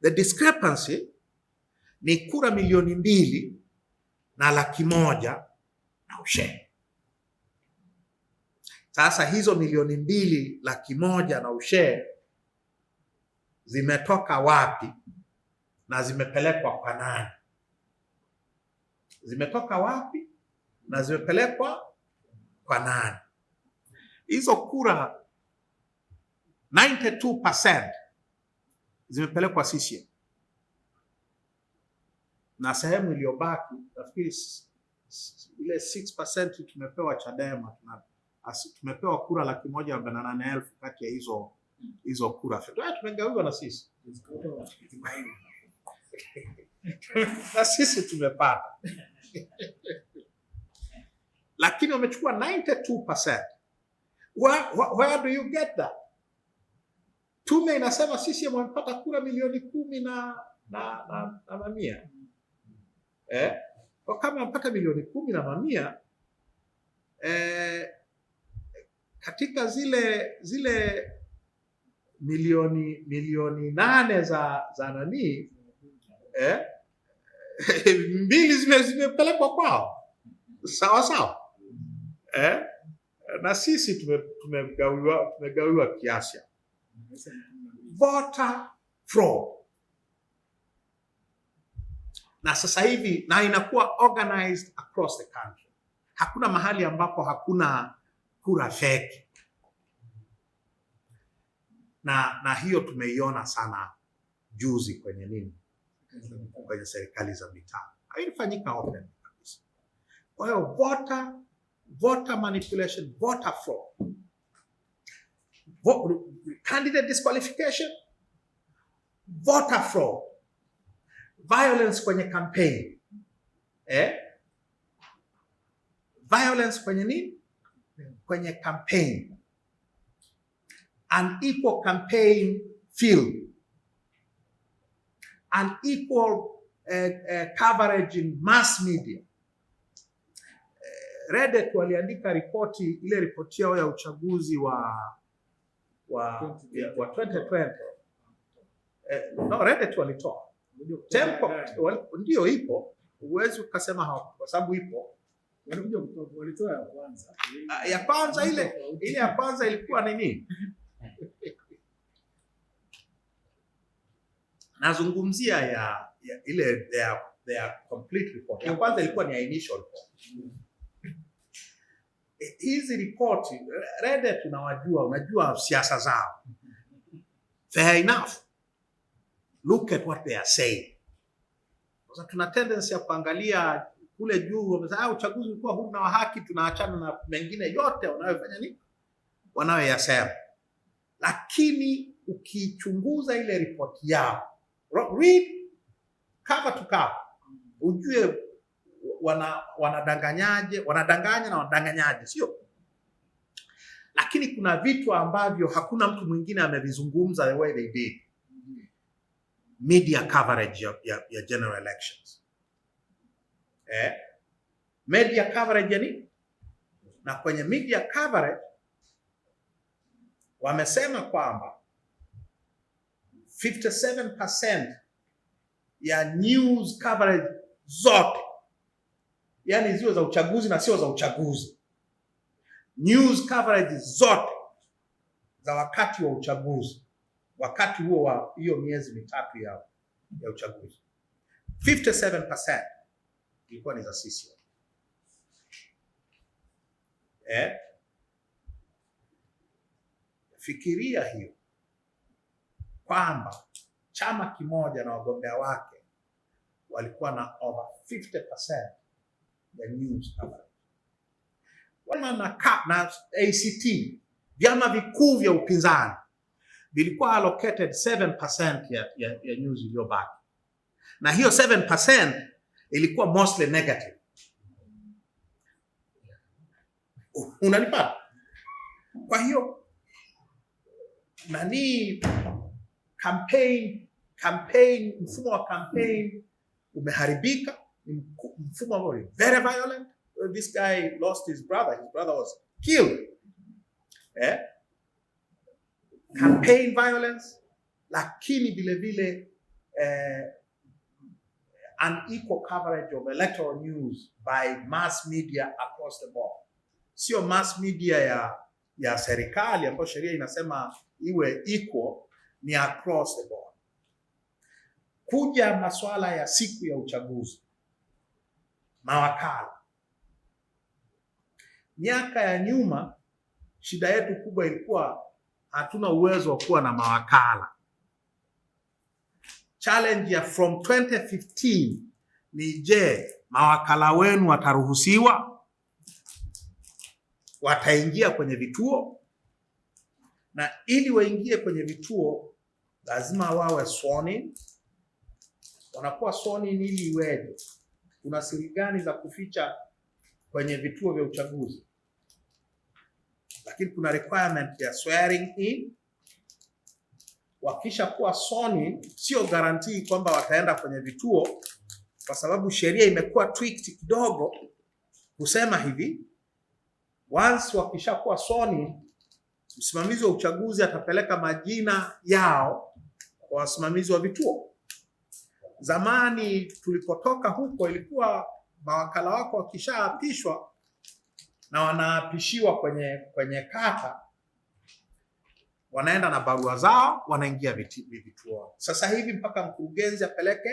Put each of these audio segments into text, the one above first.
The discrepancy ni kura milioni mbili na laki moja na ushe. Sasa hizo milioni mbili laki moja na ushe zimetoka wapi na zimepelekwa kwa nani? Zimetoka wapi na zimepelekwa kwa nani? Hizo kura 92% zimepelekwa sisi na sehemu iliyobaki nafikiri ile 6% tumepewa Chadema tuna, as, tumepewa kura laki moja arobaini na nane elfu kati ya hizo hizo kura eh, tumegawiwa na sisi na sisi tumepata lakini wamechukua 92%. Where, where do you get that? Tume inasema sisi wamepata kura milioni kumi na na, na, na mamia eh? Kwa kama wamepata milioni kumi na mamia eh, katika zile zile milioni milioni nane za za nani eh? mbili zimepelekwa kwao sawa sawa eh? na sisi tumegawiwa tumegawiwa kiasi voter fraud. Na sasa hivi na inakuwa organized across the country. Hakuna mahali ambapo hakuna kura feki na, na hiyo tumeiona sana juzi kwenye nini, kwenye serikali za mitaa haifanyika open kabisa. Kwa hiyo voter voter manipulation, voter fraud candidate disqualification, voter fraud, violence kwenye campaign eh? Violence kwenye nini? Kwenye campaign. Unequal campaign field. Unequal uh, eh, uh, eh, coverage in mass media. Uh, Reddit waliandika ripoti ile ripoti yao ya uchaguzi wa wa wa 2020 eh, no, Reddit walitoa Tempo, ndio ipo, huwezi ukasema hapo kwa sababu ipo ah, ya kwanza ile ile ya kwanza ilikuwa nini? Nazungumzia ya, ya ile their, their complete report. Ya kwanza ilikuwa ni initial report. Mm hizi ripoti Rede tunawajua, unajua siasa zao. Fair enough, look at what they are saying. Sasa tuna tendency ya kuangalia kule juu, wamesema ah, uchaguzi ulikuwa huru na wa haki, tunaachana na mengine yote wanayofanya nini, wanayoyasema. Lakini ukichunguza ile ripoti yao, read cover to cover, ujue wana, wanadanganyaje, wanadanganya na wanadanganyaje, sio lakini kuna vitu ambavyo hakuna mtu mwingine amevizungumza the way they did. Media coverage ya, ya, ya general elections eh? Media coverage ya nini? Na kwenye media coverage wamesema kwamba 57% ya news coverage zote yani ziwe za uchaguzi na sio za uchaguzi. News coverage zote za wakati wa uchaguzi, wakati huo wa hiyo miezi mitatu ya, ya uchaguzi 57% ilikuwa ni za sisi Eh? Fikiria hiyo kwamba chama kimoja na wagombea wake walikuwa na over 50% the news habari na, na ACT vyama vikuu vya upinzani vilikuwa allocated 7% ya, ya, ya news iliyobaki, na hiyo 7% ilikuwa mostly negative. Unanipata? Kwa hiyo nani, campaign campaign, mfumo wa campaign umeharibika. Fumamori, very violent. Uh, this guy lost his brother. His brother was killed. Eh? Campaign violence, lakini vilevile eh, equal coverage of electoral news by mass media across the board. Sio mass media ya ya serikali ambayo sheria inasema iwe equal, ni across the board. Kuja masuala ya siku ya uchaguzi mawakala. Miaka ya nyuma, shida yetu kubwa ilikuwa hatuna uwezo wa kuwa na mawakala. Challenge ya from 2015 ni je, mawakala wenu wataruhusiwa? Wataingia kwenye vituo? Na ili waingie kwenye vituo lazima wawe sworn in. Wanakuwa sworn in ili iweje? kuna siri gani za kuficha kwenye vituo vya uchaguzi? Lakini kuna requirement ya swearing in. Wakisha kuwa soni, sio guarantee kwamba wataenda kwenye vituo, kwa sababu sheria imekuwa tweaked kidogo kusema hivi, once kuwa soni, msimamizi wa uchaguzi atapeleka majina yao kwa wasimamizi wa vituo. Zamani tulipotoka huko, ilikuwa mawakala wako wakishaapishwa na wanaapishiwa kwenye kwenye kata, wanaenda na barua zao, wanaingia vituoni. Sasa hivi mpaka mkurugenzi apeleke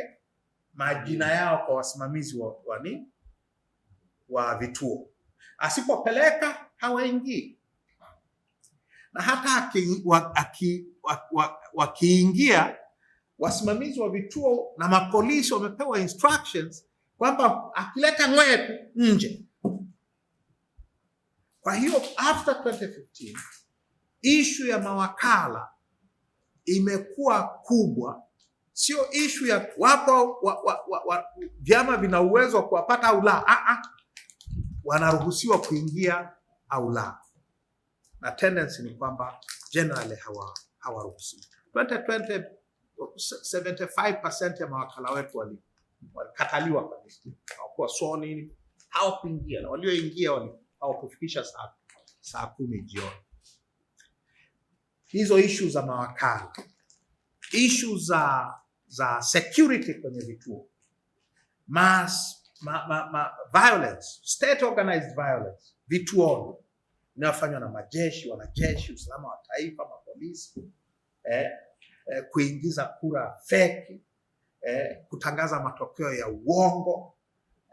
majina yao kwa wasimamizi wa ni, wa vituo, asipopeleka hawaingii, na hata wakiingia wasimamizi wa vituo na mapolisi wamepewa instructions kwamba akileta ng'wetu nje. Kwa hiyo after 2015 ishu ya mawakala imekuwa kubwa, sio ishu ya wapo wa, wa, wa, wa, vyama vina uwezo wa kuwapata au la. wanaruhusiwa kuingia au la, na tendency ni kwamba generally hawaruhusiwi hawa 2020 75% ya mawakala wetu walikataliwa Palestina, hawakuwa soni, hawakuingia, na walioingia hawakufikisha saa, saa kumi jioni. Hizo ishu za mawakala, ishu za, za security kwenye vituo mass ma, ma, ma, violence, state organized violence vituoni inayofanywa na majeshi, wanajeshi, usalama wa taifa, mapolisi eh, eh, kuingiza kura feki eh, kutangaza matokeo ya uongo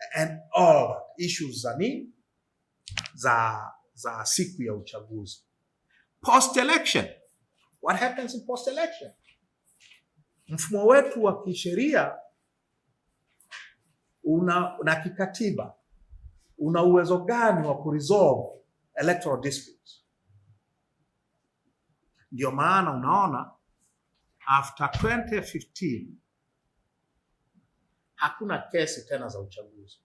eh, and all issues za nini za za siku ya uchaguzi. Post election, what happens in post election? Mfumo wetu wa kisheria una na kikatiba una uwezo gani wa kuresolve electoral disputes? Ndio maana unaona after 2015 hakuna kesi tena za uchaguzi.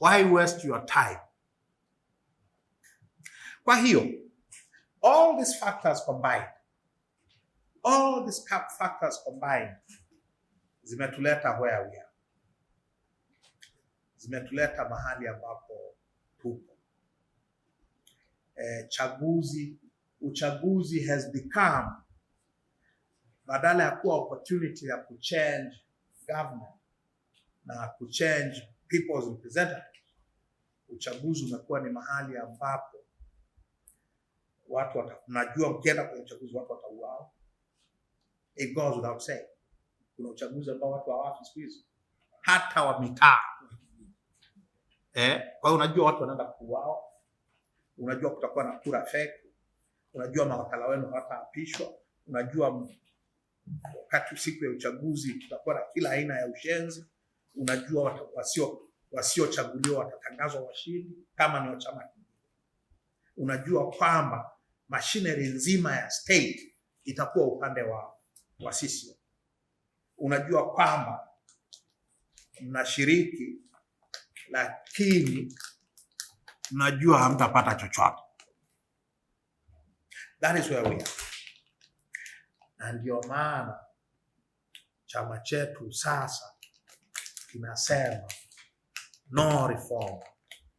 Why waste your time? Kwa hiyo all these factors combined, all these factors combined zimetuleta where we are, zimetuleta mahali ambapo tupo. Eh, chaguzi uchaguzi has become badala ya kuwa opportunity ya kuchange government na kuchange people's representative, uchaguzi umekuwa ni mahali ambapo watu najua, mkienda kwenye uchaguzi watu watauawa. It goes without saying, kuna uchaguzi ambao watu hawafi siku hizi hata wa mitaa eh. Kwa hiyo unajua watu wanaenda kuuawa, unajua kutakuwa na kura fake, unajua mawakala wenu hawataapishwa, unajua Wakati siku ya uchaguzi tutakuwa na kila aina ya ushenzi. Unajua, wasiochaguliwa watatangazwa washindi kama ni wachama kingine. Unajua kwamba mashineri nzima ya state itakuwa upande wa wa sisi. Unajua kwamba mnashiriki, lakini mnajua hamtapata chochote. That is where we are na ndio maana chama chetu sasa kinasema no reform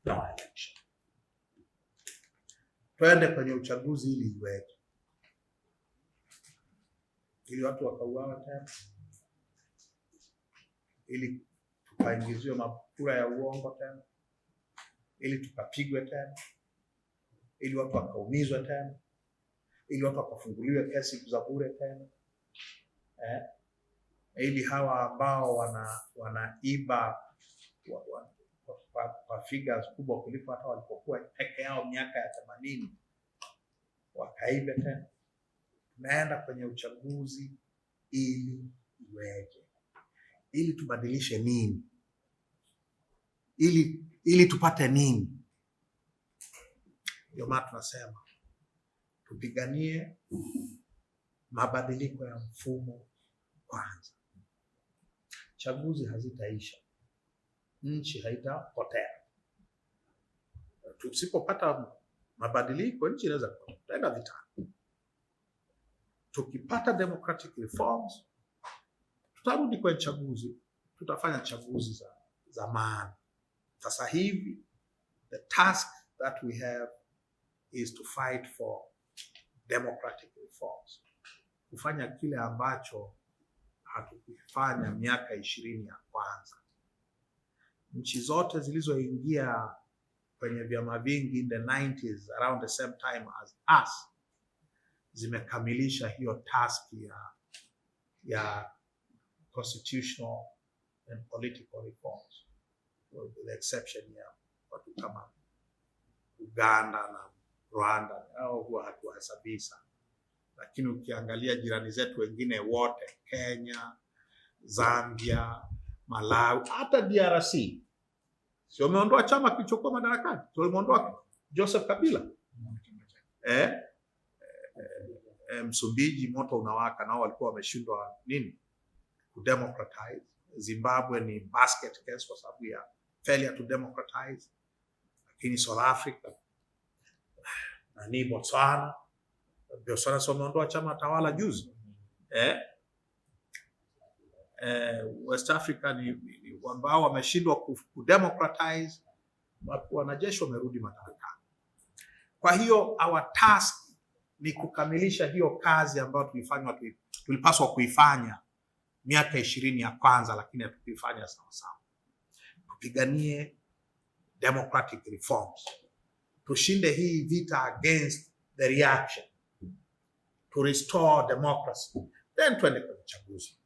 no election. Twende kwenye uchaguzi ili iweje, ili watu wakauawa tena, ili tukaingiziwe makura ya uongo tena, ili tukapigwe tena, ili watu wakaumizwe tena ili watu wakafunguliwe pia siku za bure tena eh? ili hawa ambao wanaiba wana kwa figures kubwa kuliko hata walipokuwa peke yao miaka ya themanini wakaibe tena. Tunaenda kwenye uchaguzi ili iweje? Ili tubadilishe nini? Ili ili tupate nini? Ndio maana tunasema tupiganie mabadiliko ya mfumo kwanza. Chaguzi hazitaisha, nchi haitapotea. Tusipopata mabadiliko, nchi inaweza kutenda vita. Tukipata democratic reforms, tutarudi kwenye chaguzi, tutafanya chaguzi za, zamani Sasa hivi the task that we have is to fight for democratic reforms, kufanya kile ambacho hatukufanya miaka ishirini ya kwanza. Nchi zote zilizoingia kwenye vyama vingi in the 90s around the same time as us zimekamilisha hiyo task ya, ya constitutional and political reforms with the exception ya watu kama Uganda na Rwanda nao huwa hatuwahesabii sana, lakini ukiangalia jirani zetu wengine wote, Kenya, Zambia, Malawi, hata DRC, si wameondoa chama kilichokuwa madarakani? Walimwondoa Joseph Kabila eh? E, Msumbiji moto unawaka, nao walikuwa wameshindwa nini democratize. Zimbabwe ni basket case kwa sababu ya failure to democratize, lakini South Africa nani Botswana. Botswana si wameondoa chama tawala juzi eh? Eh, West Africa ni, ni ambao wameshindwa kudemocratize, wanajeshi wamerudi madarakani. Kwa hiyo our task ni kukamilisha hiyo kazi ambayo tulifanywa tulipaswa kuifanya miaka ishirini ya kwanza, lakini hatukuifanya sawasawa. Tupiganie democratic reforms. tushinde hii vita against the reaction to restore democracy, then twende kwenye uchaguzi.